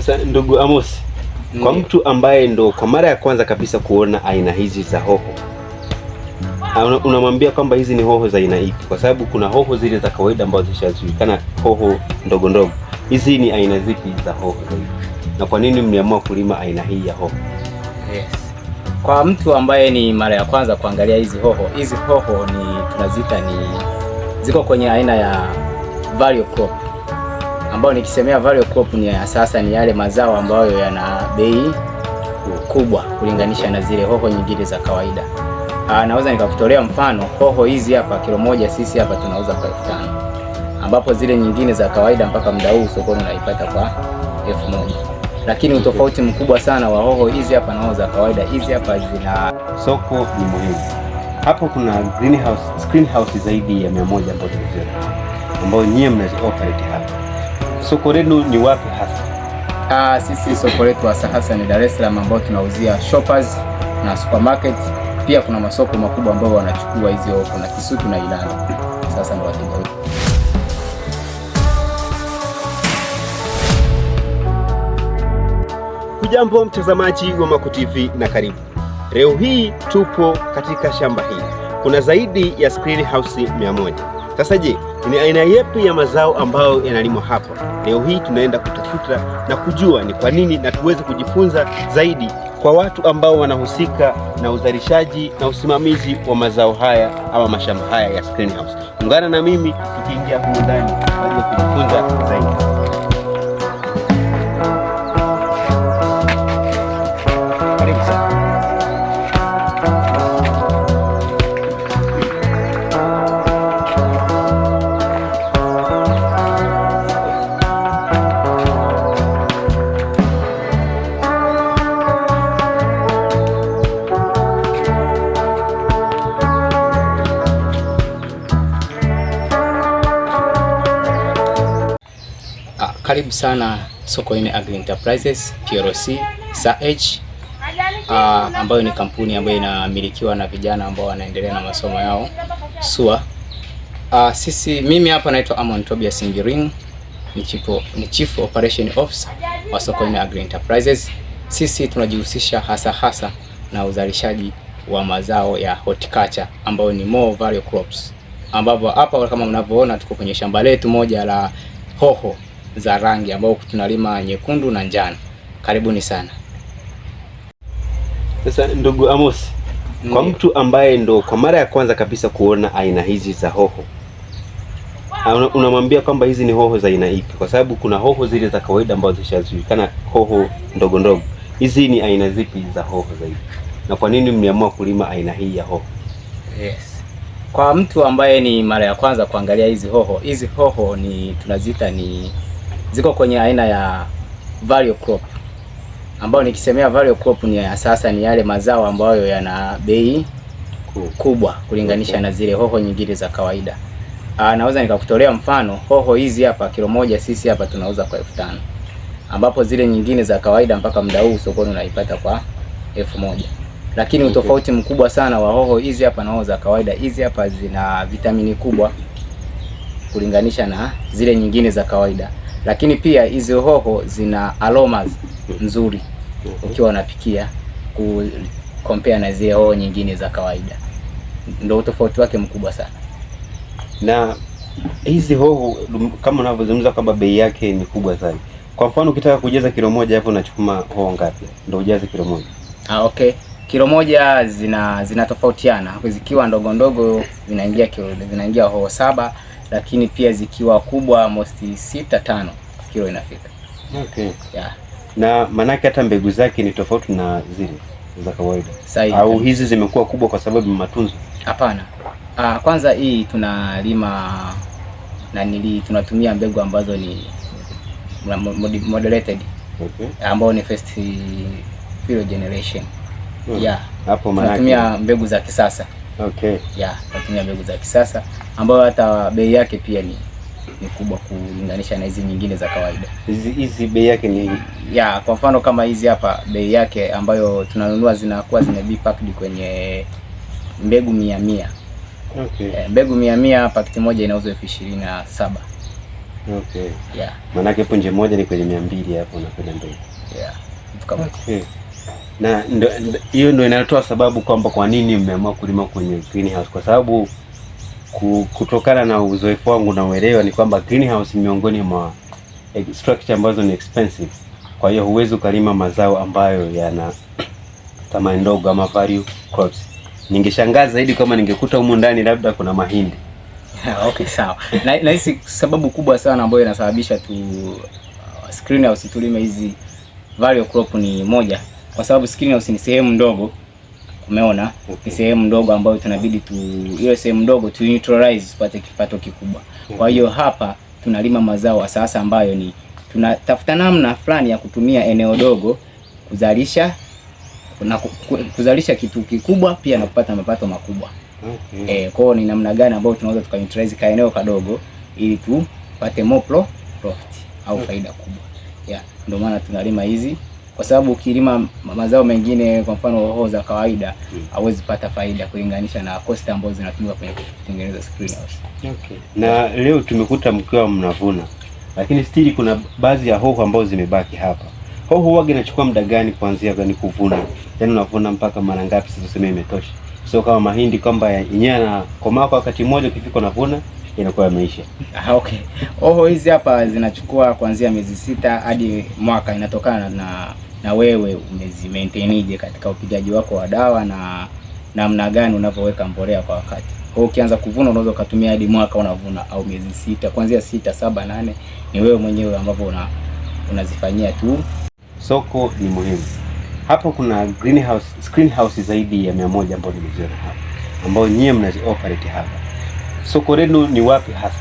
Sasa ndugu Amos, mm. kwa mtu ambaye ndo kwa mara ya kwanza kabisa kuona aina hizi za hoho unamwambia kwamba hizi ni hoho za aina ipi? Kwa sababu kuna hoho zile za kawaida ambazo zishajulikana, hoho ndogo ndogo. Hizi ni aina zipi za hoho na kwa nini mliamua kulima aina hii ya hoho? Yes. Kwa mtu ambaye ni mara ya kwanza kuangalia hizi hoho, hizi hoho ni tunazita ni ziko kwenye aina ya value crop ambayo nikisemea value crop ni ya sasa, ni yale mazao ambayo yana bei kubwa kulinganisha na zile hoho nyingine za kawaida. Aa, ah, naweza nikakutolea mfano hoho hizi hapa, kilo moja sisi hapa tunauza kwa elfu tano ambapo zile nyingine za kawaida mpaka muda huu sokoni unaipata kwa elfu moja lakini utofauti mkubwa sana wa hoho hizi hapa na hoho za kawaida hizi hapa zina soko ni muhimu. Hapo kuna greenhouse, screenhouse zaidi ya 100 ambazo ambayo nyie mnazo operate hapa soko lenu ni wapi hasa? Ah, sisi soko letu hasa hasa ni Dar es Salaam ambao tunauzia shoppers na supermarket. Pia kuna masoko makubwa ambao wanachukua hizo, kuna Kisutu na Ilala. Sasa ndio wateja wetu. Hujambo mtazamaji wa Maco TV na karibu. Leo hii tupo katika shamba hili, kuna zaidi ya screen house 100. Sasa je, ni aina yepi ya mazao ambayo yanalimwa hapa? Leo hii tunaenda kutafuta na kujua ni kwa nini, na tuweze kujifunza zaidi kwa watu ambao wanahusika na uzalishaji na usimamizi wa mazao haya ama mashamba haya ya Screen House. Ungana na mimi tukiingia humu ndani kujifunza zaidi. Karibu sana Sokoine Agri Enterprises PLC SAEG, uh, ah, ambayo ni kampuni ambayo inamilikiwa na vijana ambao wanaendelea na masomo yao SUA. Uh, sisi mimi hapa naitwa Amon Tobias Ngiring, ni chief, ni chief operation officer wa Sokoine Agri Enterprises. Sisi tunajihusisha hasa hasa na uzalishaji wa mazao ya horticulture ambayo ni more value crops, ambapo hapa kama mnavyoona tuko kwenye shamba letu moja la hoho za rangi ambao tunalima nyekundu na njano. Karibuni sana. Sasa ndugu Amos, Ndiyo. Kwa mtu ambaye ndo kwa mara ya kwanza kabisa kuona aina hizi za hoho unamwambia kwamba hizi ni hoho za aina ipi? Kwa sababu kuna hoho zile za kawaida ambazo zishajulikana, hoho ndogo ndogo. Hizi ni aina zipi za hoho zaidi, na kwa nini mliamua kulima aina hii ya hoho? Yes, kwa mtu ambaye ni mara ya kwanza kuangalia hizi hoho, hizi hoho ni tunaziita ni ziko kwenye aina ya value crop, ambayo nikisemea value crop ni ya sasa, ni yale mazao ambayo yana bei kubwa kulinganisha na zile hoho nyingine za kawaida. Aa, ah, naweza nikakutolea mfano hoho hizi hapa, kilo moja sisi hapa tunauza kwa elfu tano ambapo zile nyingine za kawaida mpaka muda huu sokoni unaipata kwa elfu moja lakini okay, utofauti mkubwa sana wa hoho hizi hapa na hoho za kawaida, hizi hapa zina vitamini kubwa kulinganisha na zile nyingine za kawaida lakini pia hizi hoho zina aromas nzuri mhm. ukiwa unapikia ku compare na zile hoho nyingine za kawaida, ndio utofauti wake mkubwa sana. Na hizi hoho kama unavyozungumza kwamba bei yake ni kubwa sana, kwa mfano ukitaka kujaza kilo moja hapo unachukua hoho ngapi ndio ujaze kilo moja? Ah, okay kilo moja zina zinatofautiana, zikiwa ndogo ndogo zinaingia kilo zinaingia hoho saba lakini pia zikiwa kubwa mosti sita tano kilo inafika. Okay. Yeah. Na maanake hata mbegu zake ni tofauti na zile za kawaida au hizi zimekuwa kubwa kwa sababu matunzo? Hapana. Ah, kwanza hii tunalima na nili tunatumia mbegu ambazo ni moderated okay, ambao ni first generation. Hmm. Yeah. Hapo maana tunatumia mbegu za kisasa Okay. Ya, natumia mbegu za kisasa ambayo hata bei yake pia ni ni kubwa kulinganisha na hizi nyingine za kawaida. Hizi hizi bei yake ni ya, kwa mfano kama hizi hapa bei yake ambayo tunanunua zinakuwa zina be packed kwenye mbegu mia mia. Okay. E, mbegu mia mia pakiti moja inauzwa elfu ishirini na saba. Okay. Yeah. Maanake punje moja ni kwenye mia mbili hapo kwenye mbegu. Yeah. Okay na hiyo ndio inatoa sababu kwamba kwa nini mmeamua kulima kwenye greenhouse, kwa sababu kutokana na uzoefu wangu na uelewa ni kwamba greenhouse miongoni mwa structure ambazo ni expensive. Kwa hiyo huwezi ukalima mazao ambayo yana thamani ndogo ama value crops. Ningeshangaa zaidi kama ningekuta humu ndani labda kuna mahindi. Okay, sawa. Na nahisi sababu kubwa sana ambayo inasababisha tu greenhouse uh, tulime hizi value crop ni moja kwa sababu screen house ni sehemu ndogo, umeona ni sehemu ndogo ambayo tunabidi tu ile sehemu ndogo tu neutralize tupate kipato kikubwa. okay. Kwa hiyo hapa tunalima mazao sasa ambayo ni tunatafuta namna fulani ya kutumia eneo dogo kuzalisha na kuzalisha kitu kikubwa pia na kupata mapato makubwa. Okay. Eh, kwao ni namna gani ambayo tunaweza tukautralize ka eneo kadogo ili tupate more pro, profit au okay. faida kubwa. Yeah, ndio maana tunalima hizi kwa sababu ukilima mazao mengine, kwa mfano hoho za kawaida, mm. hauwezi pata faida kulinganisha na cost ambazo zinatumika kwenye kutengeneza greenhouse. Okay. Na leo tumekuta mkiwa mnavuna, lakini stili kuna baadhi ya hoho ambazo zimebaki hapa. Hoho wage inachukua muda gani kuanzia gani kuvuna? Yaani unavuna mpaka mara ngapi sasa useme imetosha? Sio kama mahindi kwamba yenyewe na yanakomaa kwa wakati mmoja, ukifika unavuna inakuwa yameisha. Ah, Okay. Hoho hizi hapa zinachukua kuanzia miezi sita hadi mwaka, inatokana na na wewe umezimaintainije katika upigaji wako wa dawa na namna gani unavyoweka mbolea kwa wakati. Kwa ukianza kuvuna unaweza ukatumia hadi mwaka unavuna au miezi sita, kuanzia sita, saba, nane ni wewe mwenyewe ambavyo una unazifanyia tu. Soko ni muhimu. hapo. kuna greenhouse, screen house zaidi ya 100 moja ambayo nimeziona hapa ambao nyie mnazi operate hapa. Soko lenu ni wapi hasa?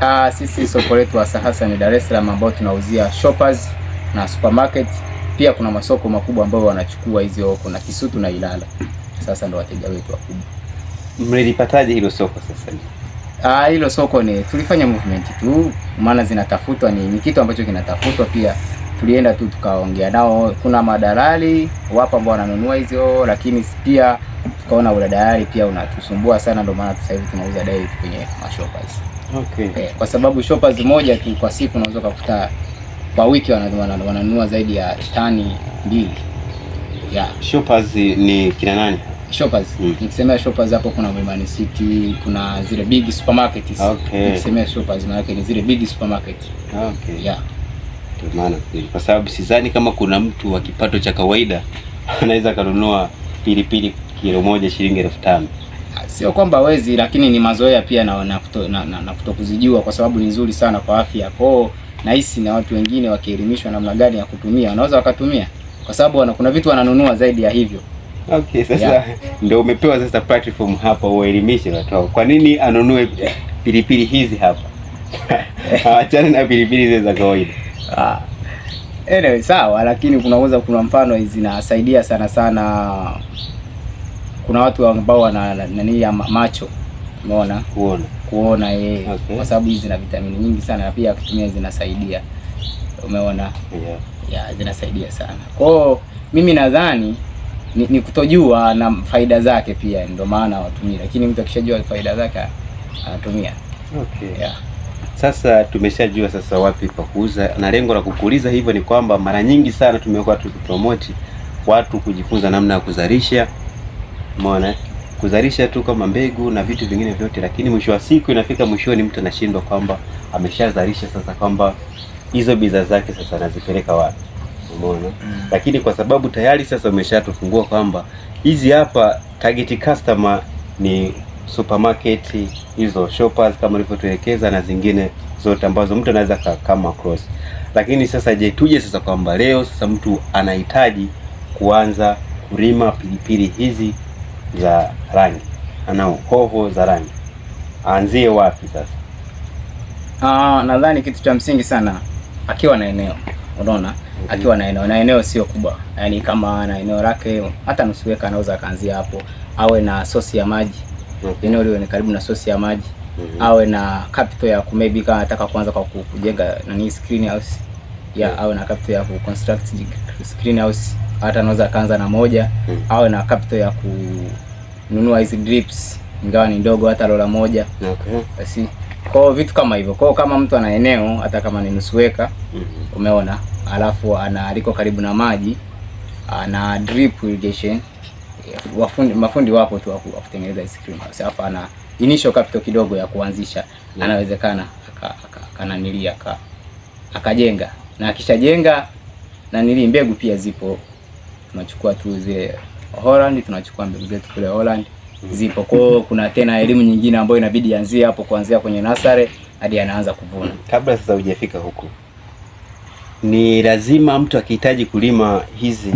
Ah, sisi soko letu hasa hasa ni Dar es Salaam, ambao tunauzia shoppers na supermarket pia kuna masoko makubwa ambayo wanachukua hizi huko na Kisutu na Ilala, sasa ndo wateja wetu wakubwa. Mlilipataje hilo soko sasa? Ah, hilo soko ni tulifanya movement tu, maana zinatafutwa ni, ni kitu ambacho kinatafutwa pia tulienda tu tukaongea nao. Kuna madalali wapo ambao wananunua hizo, lakini pia tukaona dalali pia unatusumbua sana, ndio maana sasa hivi tunauza direct kwenye mashopas. Okay. Eh, kwa sababu shopas moja tu kwa siku unaweza kukuta kwa wiki wananunua zaidi ya tani mbili yeah. Shoppers ni kina nani? Shoppers mm. Nikisemea shoppers hapo kuna Mlimani City, kuna zile big supermarkets. Okay. Nikisemea shoppers maana yake ni zile big supermarket. Okay. Yeah. Ndio maana kwa sababu sidhani kama kuna mtu wa kipato cha kawaida anaweza kununua pilipili kilo moja shilingi elfu tano. Sio kwamba hawezi, lakini ni mazoea pia na na, na, na, na kutokuzijua kwa sababu ni nzuri sana kwa afya kwao nahisi na watu wengine wakielimishwa namna gani ya kutumia wanaweza wakatumia, kwa sababu wana kuna vitu wananunua zaidi ya hivyo. Okay, sasa yeah. Ndio umepewa sasa platform hapa uelimishe watu kwa nini anunue pilipili hizi hapa awachane na pilipili zile za kawaida. Ah. Anyway, sawa, lakini kunaweza kuna mfano zinasaidia sana sana, kuna watu ambao wana nani ya macho umeona kuona kuona yeye okay. Kwa sababu hizi zina vitamini nyingi sana na pia akitumia zinasaidia, umeona yeah. Ya, zinasaidia sana kwao. Mimi nadhani ni, ni kutojua na faida zake pia ndio maana watumia, lakini mtu akishajua faida zake anatumia okay. Yeah. Sasa tumeshajua sasa wapi pa kuuza, na lengo la kukuuliza hivyo ni kwamba mara nyingi sana tumekuwa tukipromoti watu kujifunza namna ya kuzalisha, umeona kuzalisha tu kama mbegu na vitu vingine vyote, lakini mwisho wa siku inafika mwishoni, mtu anashindwa kwamba ameshazalisha sasa, kwamba hizo bidhaa zake sasa anazipeleka wapi? Umeona? mm. Lakini kwa sababu tayari sasa umeshatufungua kwamba hizi hapa target customer ni supermarket hizo shoppers kama ulivyotuelekeza na zingine zote ambazo mtu anaweza kama cross. Lakini sasa je, tuje sasa kwamba leo sasa mtu anahitaji kuanza kulima pilipili hizi za rangi ana hoho za rangi, aanzie wapi sasa? Ah, nadhani kitu cha msingi sana akiwa na eneo, unaona mhm. akiwa na eneo na eneo sio kubwa, yaani kama na eneo lake hata nusu eka anaweza akaanzia hapo, awe na sosi ya maji okay. Eneo liwe ni karibu na sosi ya maji mm -hmm. Awe na capital ya maybe kama anataka kuanza kwa kujenga nani screen house ya yeah, awe na capital ya kuconstruct screen house, hata anaweza akaanza na moja mm -hmm. Awe na capital ya ku nunua hizi drips ingawa ni ndogo, hata lola moja. Okay. Basi kwa vitu kama hivyo, kwa kama mtu ana eneo hata kama ni nusu eka, mm -hmm. umeona, alafu ana liko karibu na maji, ana drip irrigation, wafundi mafundi wapo tu wa kutengeneza cream. Basi hapa ana initial capital kidogo ya kuanzisha, Yeah. Mm-hmm. anawezekana akananilia aka, aka, akajenga, na akishajenga na nili mbegu pia zipo, tunachukua tu zile Holland, tunachukua mbegu zetu kule Holland zipo kwao. Kuna tena elimu nyingine ambayo inabidi anzie hapo, kuanzia kwenye nasare hadi anaanza kuvuna. Kabla sasa hujafika huku, ni lazima mtu akihitaji kulima hizi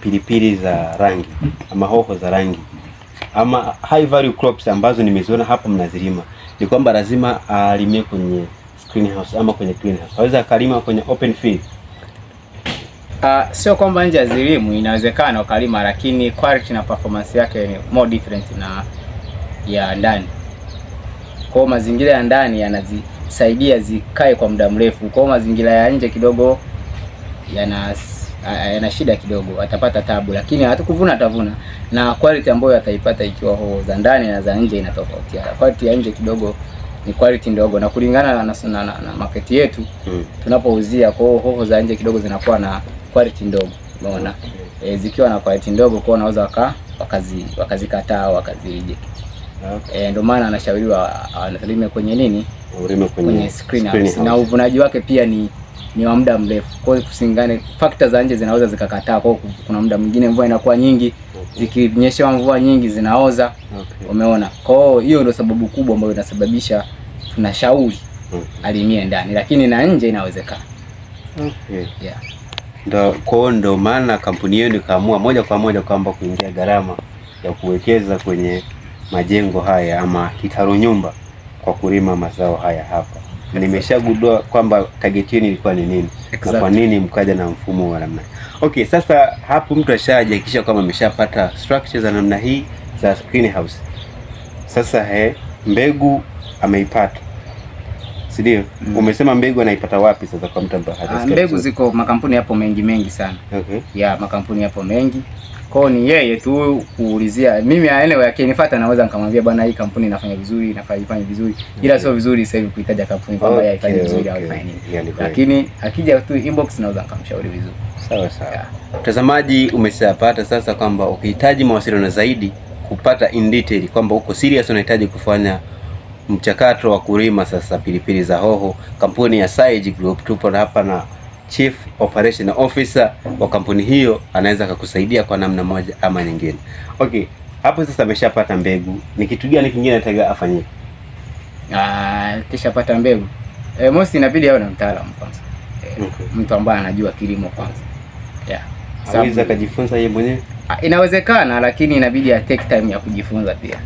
pilipili za rangi ama hoho za rangi ama high value crops ambazo nimeziona hapa mnazilima, ni kwamba lazima alime kwenye screenhouse ama kwenye greenhouse. Hawezi akalima kwenye open field Uh, sio kwamba nje ya elimu inawezekana ukalima, lakini quality na performance yake ni more different na ya ndani. Kwa hiyo mazingira ya ndani yanazisaidia zikae kwa muda mrefu, kwa hiyo mazingira ya nje kidogo yana yana shida kidogo, atapata tabu, lakini hata kuvuna atavuna, na quality ambayo ataipata ikiwa ho za ndani na za nje inatofautiana. Quality ya nje kidogo ni quality ndogo, na kulingana na, na, na, na, market yetu hmm, tunapouzia. Kwa hoho za nje kidogo zinakuwa na quality ndogo, umeona okay. Eh, e, zikiwa na quality ndogo kwa unaweza waka wakazikataa wakazi wakazi reject okay. E, ndio maana anashauriwa analime kwenye nini kwenye, kwenye screen screen house. House. Na uvunaji wake pia ni ni wa muda mrefu, kwa hiyo kusingane factors za nje zinaweza zikakataa. Kwa hiyo kuna muda mwingine mvua inakuwa nyingi, okay. zikinyeshewa mvua nyingi zinaoza okay. Umeona, kwa hiyo hiyo ndio sababu kubwa ambayo inasababisha tunashauri okay. Alimie ndani, lakini na nje inawezekana okay. yeah. Kwao ndo maana kampuni yenu ikaamua moja kwa moja kwamba kuingia gharama ya kuwekeza kwenye majengo haya ama kitaru nyumba kwa kulima mazao haya hapa. Exactly. Nimeshagundua kwamba target yenu ilikuwa ni nini. Exactly. Na kwa nini mkaja na mfumo wa namna okay. Sasa hapo mtu ashajihakikisha kwamba ameshapata structure za namna hii za greenhouse. Sasa he, eh, mbegu ameipata si ndio? Mm. Umesema mbegu anaipata wapi sasa kwa mtamba? Hata ah, mbegu ziko makampuni yapo mengi mengi sana. Okay. Ya makampuni yapo mengi. kwa ni yeye tu kuulizia. Mimi ah, anyway akinifuata naweza nikamwambia bwana, hii kampuni inafanya vizuri, inafanya vizuri okay. Ila okay, sio vizuri sasa hivi kuitaja kampuni kwamba okay, ifanye vizuri au okay, ifanye nini. Yani, lakini akija tu inbox naweza nikamshauri vizuri. Sawa sawa. Mtazamaji, umeshapata sasa kwamba ukihitaji mawasiliano zaidi kupata in detail kwamba uko serious unahitaji kufanya mchakato wa kulima sasa pilipili za hoho. Kampuni ya Sage Group, tupo hapa na Chief Operation Officer wa kampuni hiyo, anaweza kukusaidia kwa namna moja ama nyingine. Okay, hapo sasa ameshapata mbegu, ni kitu gani kingine anataka afanye? Ah, kishapata mbegu e, mosi inabidi awe na mtaalamu kwanza e, okay. Mtu ambaye anajua kilimo kwanza yeah. Hawezi kujifunza yeye mwenyewe? Ah, inawezekana, lakini inabidi a take time ya kujifunza pia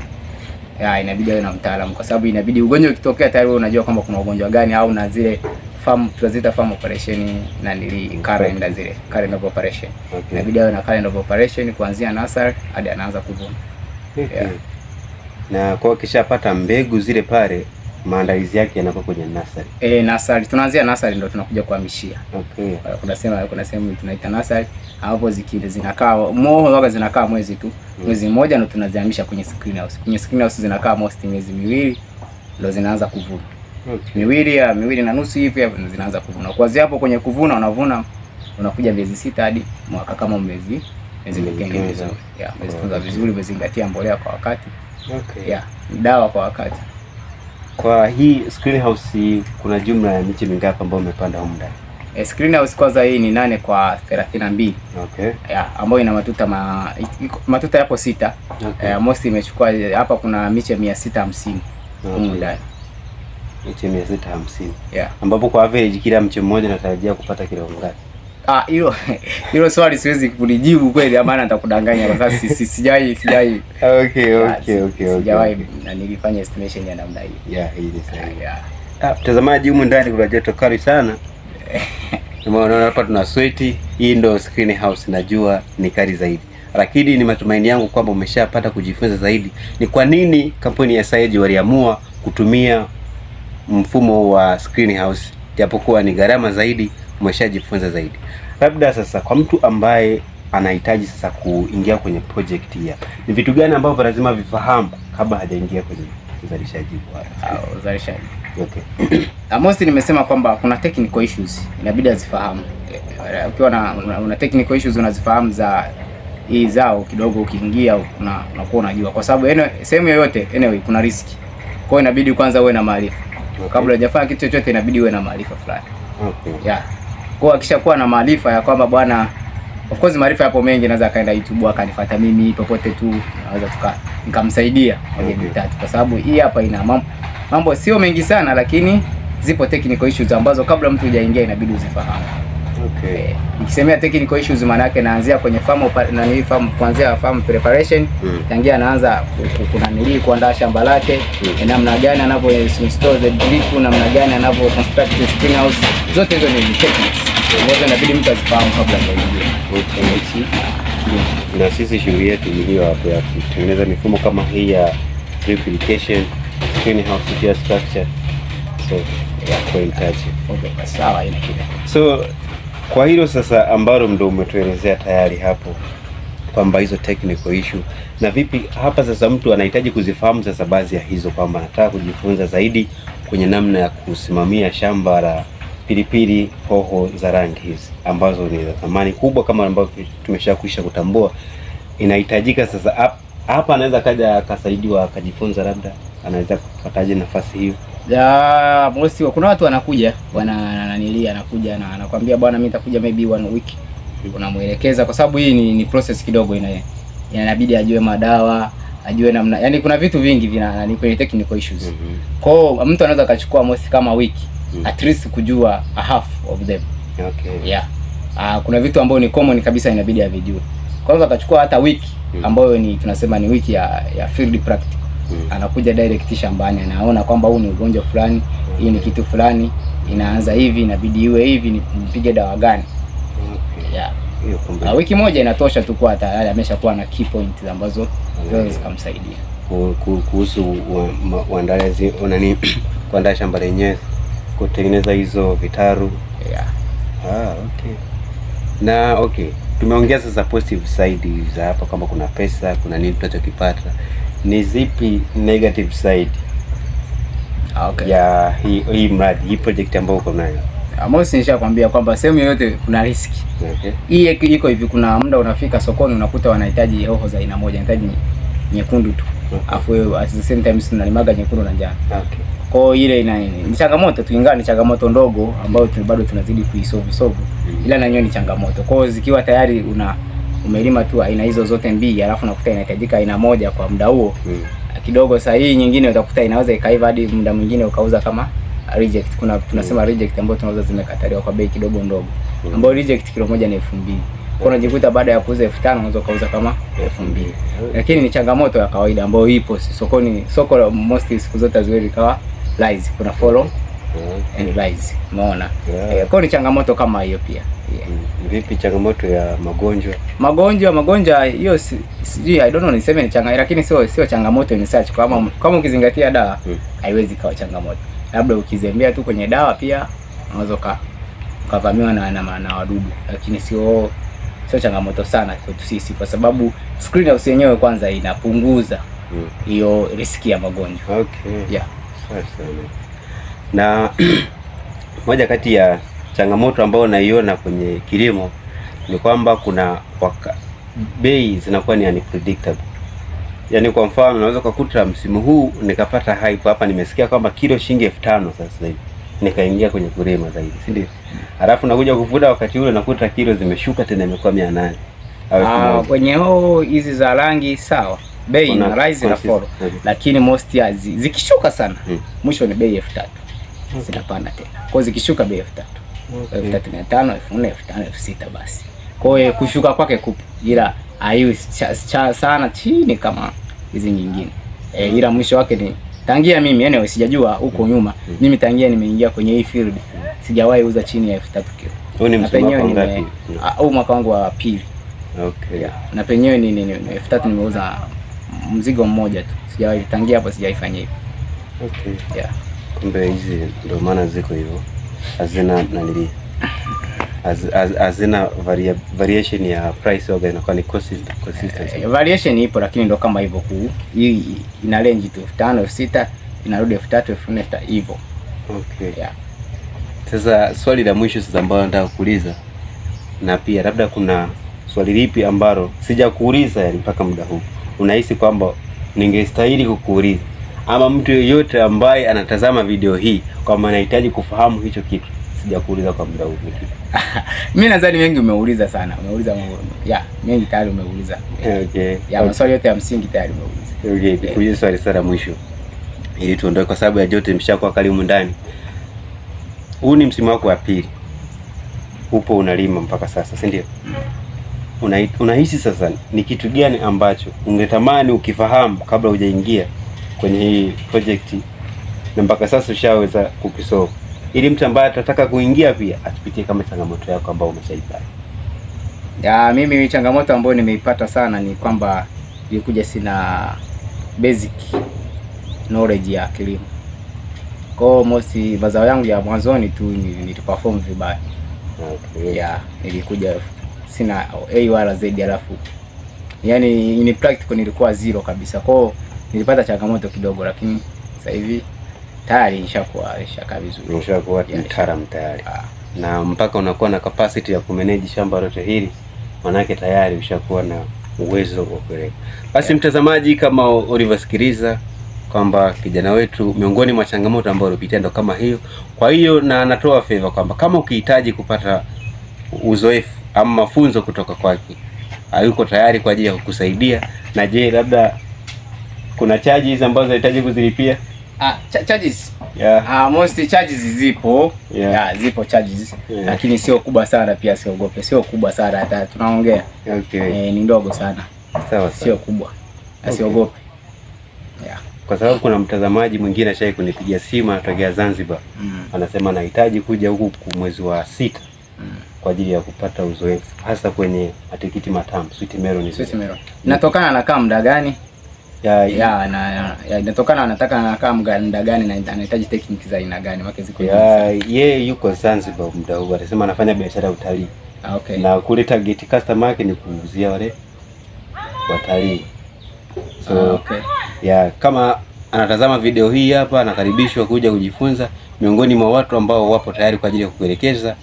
ya, inabidi awe na mtaalamu, kwa sababu inabidi ugonjwa ukitokea tayari wewe unajua kwamba kuna ugonjwa gani, au na zile farm tunazita farm operation na nili calendar, zile of operation okay. Inabidi awe na of operation kuanzia nasar hadi anaanza kuvuna okay. yeah. na kwa kishapata mbegu zile pale maandalizi yake yanakuwa kwenye nasari. Eh, nasari tunaanzia nasari ndio tunakuja kuhamishia. Okay. Kuna sema kuna sehemu tunaita nasari hapo zikile zinakaa moho waka zinakaa mwezi tu. Mm. Mwezi mmoja ndio tunazihamisha kwenye screen house. Kwenye screen house zinakaa most miezi miwili ndio zinaanza kuvuna. Okay. Miwili ya miwili na nusu hivi hapo zinaanza kuvuna. Kuanzia hapo kwenye kuvuna unavuna unakuja miezi sita hadi mwaka kama mwezi mwezi mkenge mm, vizuri. Yeah, mwezi oh, tunza vizuri, mwezi ngatia mbolea kwa wakati. Okay. Yeah, dawa kwa wakati. Kwa hii screen house kuna jumla ya miche mingapi ambayo umepanda humu ndani? E, screen house kwanza hii ni nane kwa 32. Okay. Yeah, ambayo ina matuta ma, matuta yapo sita. Okay. E, most imechukua hapa kuna miche 650 huko ndani. Miche 650. Yeah. Ambapo kwa average kila mche mmoja natarajia kupata kilo ngapi? Ah, hilo hilo swali siwezi kulijibu kweli, maana nitakudanganya kwa sababu si, si, sijai. Ah, okay, Okay, okay, okay. okay. na nilifanya estimation ya namna hii. Yeah, hii ni sahihi. Ah, ah, mtazamaji humu ndani kuna joto kali sana. Unaona hapa tuna sweat. Hii ndio Screen House najua ni kali zaidi. Lakini ni matumaini yangu kwamba umeshapata kujifunza zaidi ni kwa nini kampuni ya Saiji waliamua kutumia mfumo wa Screen House japokuwa ni gharama zaidi umeshajifunza zaidi. Labda sasa kwa mtu ambaye anahitaji sasa kuingia kwenye project hii ni vitu gani ambavyo lazima vifahamu kabla hajaingia kwenye uzalishaji wa ah, uzalishaji? Okay. Amosi, ah, nimesema kwamba kuna technical issues inabidi azifahamu. Eh, ukiwa na una, technical issues unazifahamu za hii zao kidogo, ukiingia unakuwa una unajua, kwa sababu anyway, sehemu yoyote anyway kuna riski, kwa inabidi kwanza uwe na maarifa okay. Kabla hujafanya kitu chochote inabidi uwe na maarifa fulani okay. yeah. Kwa akishakuwa na maarifa ya kwamba bwana, of course maarifa yapo mengi, naweza akaenda YouTube akanifuata mimi popote tu, naweza tuka nikamsaidia moja okay, mitatu kwa sababu hii hapa ina mambo, mambo sio mengi sana, lakini zipo technical issues ambazo kabla mtu hujaingia inabidi uzifahamu. Okay. Eh, nikisemea technical issues maana yake naanzia kwenye farm na ni farm kuanzia farm preparation, mm. tangia anaanza kuna nili kuandaa shamba lake, mm. namna gani anavyo install the drip, namna gani anavyo construct the greenhouse, zote hizo ni techniques. Ngoja inabidi mtu azifahamu kabla ya kuingia. Okay. Na sisi shughuli yetu ilio hapo ya kutengeneza mifumo kama hii ya drip irrigation, greenhouse structure. So, yeah, kwa okay, sawa ina kile. So kwa hilo sasa ambalo ndo umetuelezea tayari hapo kwamba hizo technical issue na vipi, hapa sasa mtu anahitaji kuzifahamu sasa baadhi ya hizo, kwamba anataka kujifunza zaidi kwenye namna ya kusimamia shamba la pilipili hoho za rangi hizi ambazo ni za thamani kubwa, kama ambavyo tumeshakwisha kutambua inahitajika sasa. Hapa anaweza kaja akasaidiwa akajifunza, labda anaweza kupataje nafasi hiyo? ya mosi, kuna watu wanakuja wananilia, anakuja na anakuambia bwana, mimi nitakuja maybe one week, unamwelekeza kwa sababu hii ni, ni process kidogo, ina inabidi ajue madawa ajue namna, yani kuna vitu vingi vina ni kwenye technical issues mm -hmm. Kwao mtu anaweza akachukua mosi kama wiki mm -hmm. at least kujua a half of them okay. yeah Uh, kuna vitu ambayo ni common kabisa inabidi avijue. Kwanza akachukua hata wiki mhm. ambayo ni tunasema ni wiki ya, ya field practice mm. anakuja direct shambani, anaona kwamba huu ni ugonjwa fulani, hii ni kitu fulani, inaanza hivi, inabidi iwe hivi, nipige dawa gani? okay. yeah. Na wiki moja inatosha tu kwa tayari ameshakuwa na key point ambazo mm. zikamsaidia kuhusu uandaazi nani kuandaa shamba lenyewe kutengeneza hizo vitaru yeah. Ah, okay. Na okay, tumeongea sasa positive side za hapa, kama kuna pesa, kuna nini tunachokipata ni zipi negative side ah, okay, ya hii mradi hii project ambayo uko nayo? Mosi, nishakwambia kwamba sehemu yoyote kuna riski hii. Okay. iko hivi, kuna muda unafika sokoni unakuta wanahitaji hoho za aina moja, wanahitaji nyekundu tu, afu wewe at the same time tunalimaga nyekundu na njano. Okay. Kwa hiyo ile ina ni changamoto tu, ingawa ni changamoto ndogo ambayo bado tunazidi kuisolve solve, mm. ila na ni changamoto. Kwa hiyo zikiwa tayari una umelima tu aina hizo zote mbili, alafu nakuta inahitajika aina moja kwa muda huo mm. kidogo saa hii nyingine utakuta inaweza ikaiva hadi muda mwingine ukauza kama reject. Kuna tunasema mm. reject ambayo tunauza zimekataliwa kwa bei kidogo ndogo mm. ambayo reject kilo moja ni elfu mbili kwa unajikuta baada ya kuuza elfu tano unaweza ukauza kama elfu mbili hmm. lakini ni changamoto ya kawaida ambayo ipo sokoni. Soko la most siku zote haziwezi kawa rise, kuna follow and eh. rise. Umeona? Yeah. E, eh, kwa ni changamoto kama hiyo pia. Yeah. Mm. Vipi changamoto ya magonjwa? Magonjwa, magonjwa hiyo sijui I don't know niseme ni changa lakini sio sio changamoto ni search kama kama ukizingatia dawa mm. haiwezi mm. kawa changamoto. Labda ukizembea tu kwenye dawa pia unaweza ka ukavamiwa na na, na wadudu lakini sio sio changamoto sana kwetu sisi kwa sababu screen house yenyewe kwanza inapunguza mm. hiyo mm. riski ya magonjwa. Okay. Yeah. Sasa na moja kati ya changamoto ambayo naiona kwenye kilimo ni kwamba kuna waka, bei zinakuwa ni unpredictable. Yaani kwa mfano naweza kukuta msimu huu nikapata hype hapa, nimesikia kwamba kilo shilingi elfu tano sasa hivi nikaingia kwenye kulima zaidi, si ndio? Alafu nakuja kuvuta wakati ule nakuta kilo zimeshuka tena imekuwa 800. Ah, kwenye hoo hizi za rangi sawa, bei na rise na fall, mm. lakini most zikishuka sana mm. mwisho ni bei elfu tatu zinapanda tena kwao, zikishuka bei elfu tatu okay. elfu tatu mia tano elfu nne elfu tano elfu sita basi. Kwa hiyo kushuka kwake kupo, ila ayu sana chini kama hizi nyingine e, ila mwisho wake ni tangia mimi yani sijajua huko nyuma mm. mimi tangia nimeingia kwenye hii field sijawahi uza chini ya elfu tatu kilo msimu penyewe ngapi? au mwaka wangu wa pili okay. yeah. na penyewe ni, ni, ni, elfu tatu nimeuza mzigo mmoja tu, sijawahi tangia hapo sijaifanya hivyo okay. yeah. Kumbe hizi ndio maana ziko hivyo, hazina nanili, hazina varia, variation ya price yoga inakuwa ni consistent consistent. Eh, variation ipo lakini ndio kama hivyo ku hii ina range tu elfu tano elfu sita inarudi elfu tatu elfu nne hivyo. Okay, yeah. Sasa swali la mwisho sasa ambalo nataka kuuliza na pia labda kuna swali lipi ambalo sijakuuliza yani mpaka muda huu unahisi kwamba ningestahili kukuuliza? ama mtu yeyote ambaye anatazama video hii kwamba anahitaji kufahamu hicho kitu, sijakuuliza kwa muda huu kitu mimi nadhani mengi umeuliza sana, umeuliza mambo ya mengi tayari umeuliza. yeah. Okay, ya maswali yote ya msingi tayari umeuliza. Okay, eh. nikuulize swali sana mwisho ili tuondoe, kwa sababu ya jote mshakuwa karibu ndani. Huu ni msimu wako wa pili, upo unalima mpaka sasa, si ndio? Unahisi una sasa ni kitu gani ambacho ungetamani ukifahamu kabla hujaingia kwenye hii project, na mpaka sasa ushaweza kukisolve, ili mtu ambaye atataka kuingia pia atupitie kama changamoto yako ambayo umeshaipata. Ya, mimi changamoto ambayo nimeipata sana ni kwamba nilikuja sina basic knowledge ya kilimo. Kwa hiyo mosi mazao yangu ya mwanzoni tu niliperform vibaya. Okay. Ya, nilikuja sina A wala Z alafu. Yaani in practical nilikuwa zero kabisa. Kwa hiyo nilipata changamoto kidogo, lakini sasa hivi tayari nishakuwa nishakaa vizuri, nishakuwa mtaalamu yaani tayari ah. na mpaka unakuwa na capacity ya kumanage shamba lote hili, manake tayari ushakuwa na uwezo wa kupeleka. Basi yeah. Mtazamaji, kama ulivyosikiliza kwamba kijana wetu miongoni mwa changamoto ambayo alipitia ndo kama hiyo. Kwa hiyo na anatoa favor kwamba kama ukihitaji kupata uzoefu ama mafunzo kutoka kwake, hayuko tayari kwa ajili ya kukusaidia. Na je, labda kuna charges ambazo zinahitaji kuzilipia? Ah, ch charges yeah. Ah, most charges zipo yeah. Yeah, zipo charges yeah. Lakini sio kubwa sana pia, siogope, sio kubwa sana hata tunaongea okay. Eh, ni ndogo sana sawa, sio kubwa okay. Siogope yeah. Kwa sababu kuna mtazamaji mwingine ashai kunipigia simu anatokea Zanzibar mm. Anasema anahitaji kuja huku mwezi wa sita mm. kwa ajili ya kupata uzoefu hasa kwenye matikiti matamu, sweet melon. Sweet melon Natokana na kama muda gani? ya ya na, ya, inatokana anataka anakaa mganda gani na anahitaji technique za aina gani, ziko yeye yuko Zanzibar muda huu, anasema anafanya biashara ya utalii. Ah, okay. Na kule target customer yake ni kuuzia wale watalii. So ah, okay. Ya kama anatazama video hii hapa, anakaribishwa kuja kujifunza. Miongoni mwa watu ambao wapo tayari kwa ajili ya kukuelekeza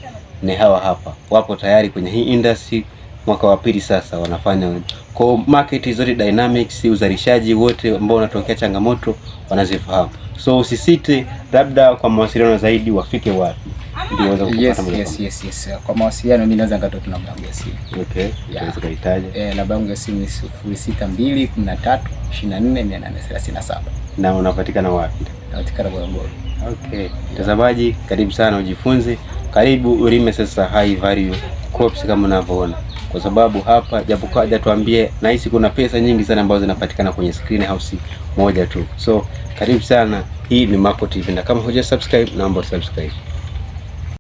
ni hawa hapa, wapo tayari kwenye hii industry, mwaka wa pili sasa wanafanya kwa market zote dynamics, uzalishaji wote ambao unatokea changamoto wanazifahamu, so usisite. Labda kwa mawasiliano zaidi wafike wapi? Yes, yes, yes, yes. Kwa mawasiliano mimi naweza ngatoa namba yangu ya simu. Okay. Unaweza kuitaja. Eh, namba yangu ya simu ni 0621324837. Na unapatikana wapi? Napatikana Morogoro. Okay. Mtazamaji, Karibu sana ujifunze. Karibu ulime sasa high value crops kama unavyoona kwa sababu hapa japo kaja tuambie, nahisi kuna pesa nyingi sana ambazo zinapatikana kwenye Screen House moja tu. So karibu sana, hii ni mako TV na kama hujasubscribe, naomba subscribe.